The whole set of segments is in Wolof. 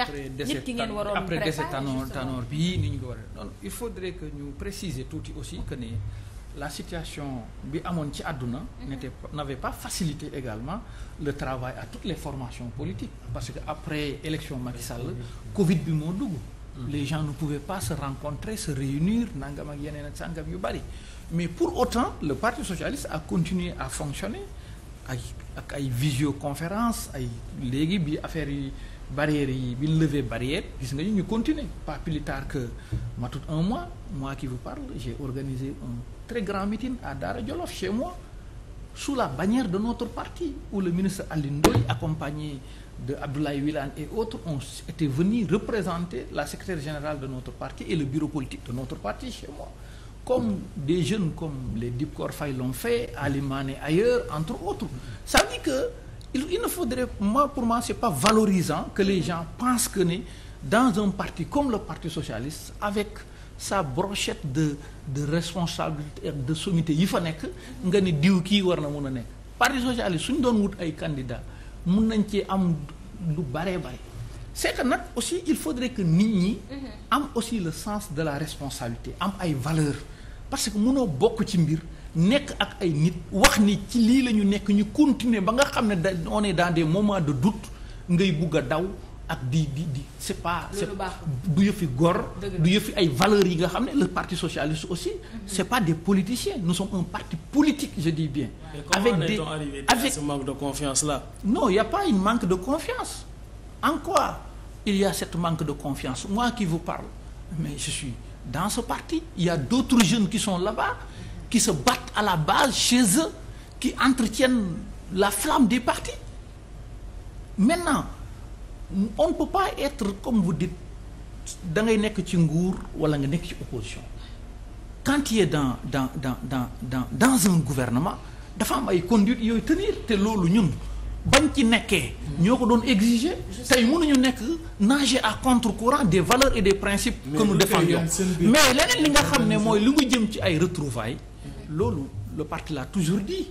après décès après décès Tanor Tanor bii ni ñu ko war a non il faudrait que ñu préciser tuuti aussi que ne la situation bi amoon ci àdduna mhm. n'était n'avait pas facilité également le travail à toutes les formations politiques parce que après élection Macky Sall Covid bi moo dugg mhm. les gens ne pouvaient pas se rencontrer se réunir nangam ak yeneen ak sangam yu bari mais pour autant le parti socialiste a continué à fonctionner ay ak ay visioconférence ay léegi bi affaire yi barrières yi bi lever barrière gis nga ñu continuer pas plus tard que matut un mois moi qui vous parle j'ai organisé un très grand meeting à Dara Djolof chez moi sous la bannière de notre parti où le ministre Alioune Ndoye accompagné de Abdoulaye Wilane et autres ont été venus représenter la secrétaire générale de notre parti et le bureau politique de notre parti chez moi comme des jeunes comme les Dibkor Faye l'ont fait Ali Mané ailleurs entre autres ça veut il, il ne faudrait moi pour moi c'est pas valorisant que les gens pensent que ne dans un parti comme le Parti socialiste avec sa brochette de de responsabilité et de sommité yi fa nekk nga ne diw kii war na mun a nekk Parti socialiste suñ doon wut ay candidats mun nañ ci am lu bare bare c'est que nag aussi il faudrait que nit ñi mhm. am aussi le sens de la responsabilité am ay valeurs parce que munoo bokk ci mbir nekk ak ay nit wax ni ci lii la ñu nekk ñu continuer ba nga xam ne da on dans des moments de doute ngay bugg a daw ak di di di c'est pas c'est du yëfi gor du yëfi ay valeurs yi nga xam ne le parti socialiste aussi mhm. c'est pas des politiciens nous sommes un parti politique je dis bien avec des avec ce manque de confiance pas une manque de confiance en quoi il y cette manque de confiance moi qui vous parle mais je suis dans ce parti ya y a d'autres jeunes qui sont là qui se battent à la base chez eux qui entretiennent la flamme des partis maintenant on ne peut pas être comme vous dites da ngay nekk ci nguur walla nga nekk ci opposition quand dans dans dans dans dans dans un gouvernement dafa am ay conduite yooyu tenir te loolu ñun bañ ci nekkee ñoo ko doon exiger tey mënuñu nekk nager à contre-courant des valeurs et des principes que nous défendions mais leneen li nga xam ne mooy li mu jëm ci ay retrouvailles loolu le parti l'a toujours dit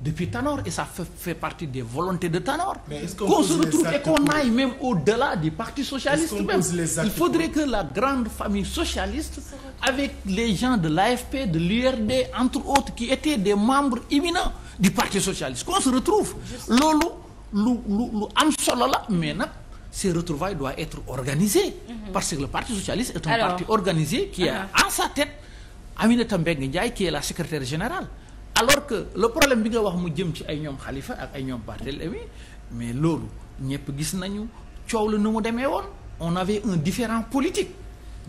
depuis Tanor et ça fait, fait partie des volontés de Tanor. qu'on se retrouve et qu'on aille même au-delà du parti socialiste même il faudrait que la grande famille socialiste avec les gens de l'AFP de l'URD entre autres qui étaient des membres éminents du parti socialiste qu'on se retrouve loolu lu lu lu am solo la mais nag ces retrouvailles doivent être organisées mm-hmm. parce que le parti socialiste est un parti organisé qui uh-huh. a en Aminata Mbengue Ndiaye qui la secretaire générale alors que le problème bi nga wax mu jëm ci ay ñoom Khalifa ak ay ñoom Barthélémy mais loolu ñëpp gis nañu coow la nu mu demee woon on avait un différent politique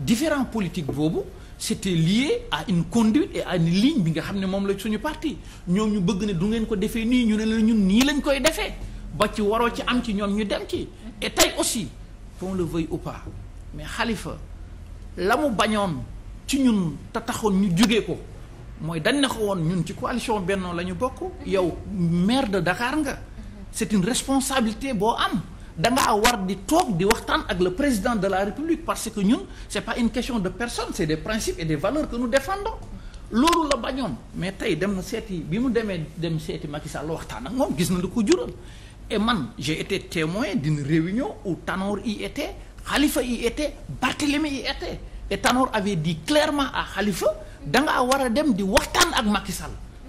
différent politique boobu c'était lié à une conduite et à une ligne bi nga xam ne moom la suñu parti ñoom ñu bëgg ne du ngeen ko defee nii ñu ne la ñun nii lañ koy defee ba ci waroo ci am ci ñoom ñu dem ci et tey aussi qu'on le veuille ou pas mais Khalifa la mu bañoon ci ñun te taxoon ñu jugee ko mooy dañ ne ko woon ñun ci coalition Benno la ñu bokk. yow maire de Dakar nga. c'est une responsabilité boo am. da ngaa war di toog di waxtaan ak le président de la République parce que ñun c'est pas une question de personne c'est des principes et des valeurs que nous défendons loolu la bañoon mais tey dem na seeti bi mu demee dem seeti Macky Sall waxtaan ak moom gis na lu ko jural et man j'ai été témoin d'une réunion où Tanor y était Khalifa y était Barthélémy y était et Tanor avait dit clairement à xalifa danga ngaa war a dem di waxtaan ak Macky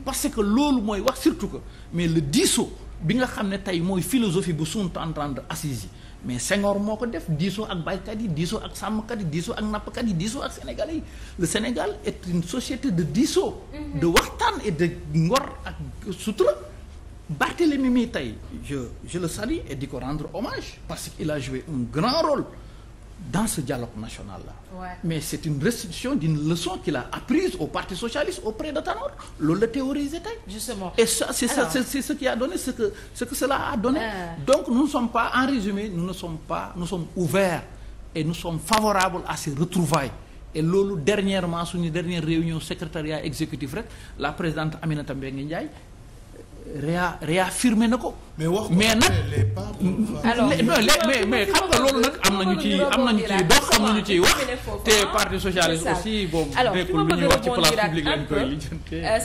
parce que loolu mooy wax surtout que mais le diisoo bi nga xam ne tey mooy philosophie bu sunt entendre assise yi mais Senghor moo ko def diisoo ak baykat yi diisoo ak sàmmkat yi diisoo ak nappkat yi diisoo ak sénégalais yi le Sénégal est une société de diisoo mhm. de waxtaan et de ngor ak sutura Barthélémy mi tey je je le salue et di ko rendre hommage parce qu'il a joué un grand dans ce dialogue national-là. Ouais. Mais c'est une restitution d'une leçon qu'il a apprise au Parti socialiste auprès de Tanor. Loolu la théorisé tey. Et c'est ce qui a donné ce que ce que cela a donné. Donc nous ne sommes pas en résumé, nous ne sommes pas nous sommes ouverts et nous sommes favorables à ces retrouvailles. Et loolu dernièrement suñu dernière réunion secrétariat exécutif rek la présidente Aminata Mbengue Ndiaye réa réaffirmé na ko. mais wax mais nag alors mais mais xam nga loolu nag am na ñu ci am ñu ci dox am na ñu ciy wax te parti socialiste aussi boobu nekkul lu ñuy wax ci place publique lañ koy lijjante euh,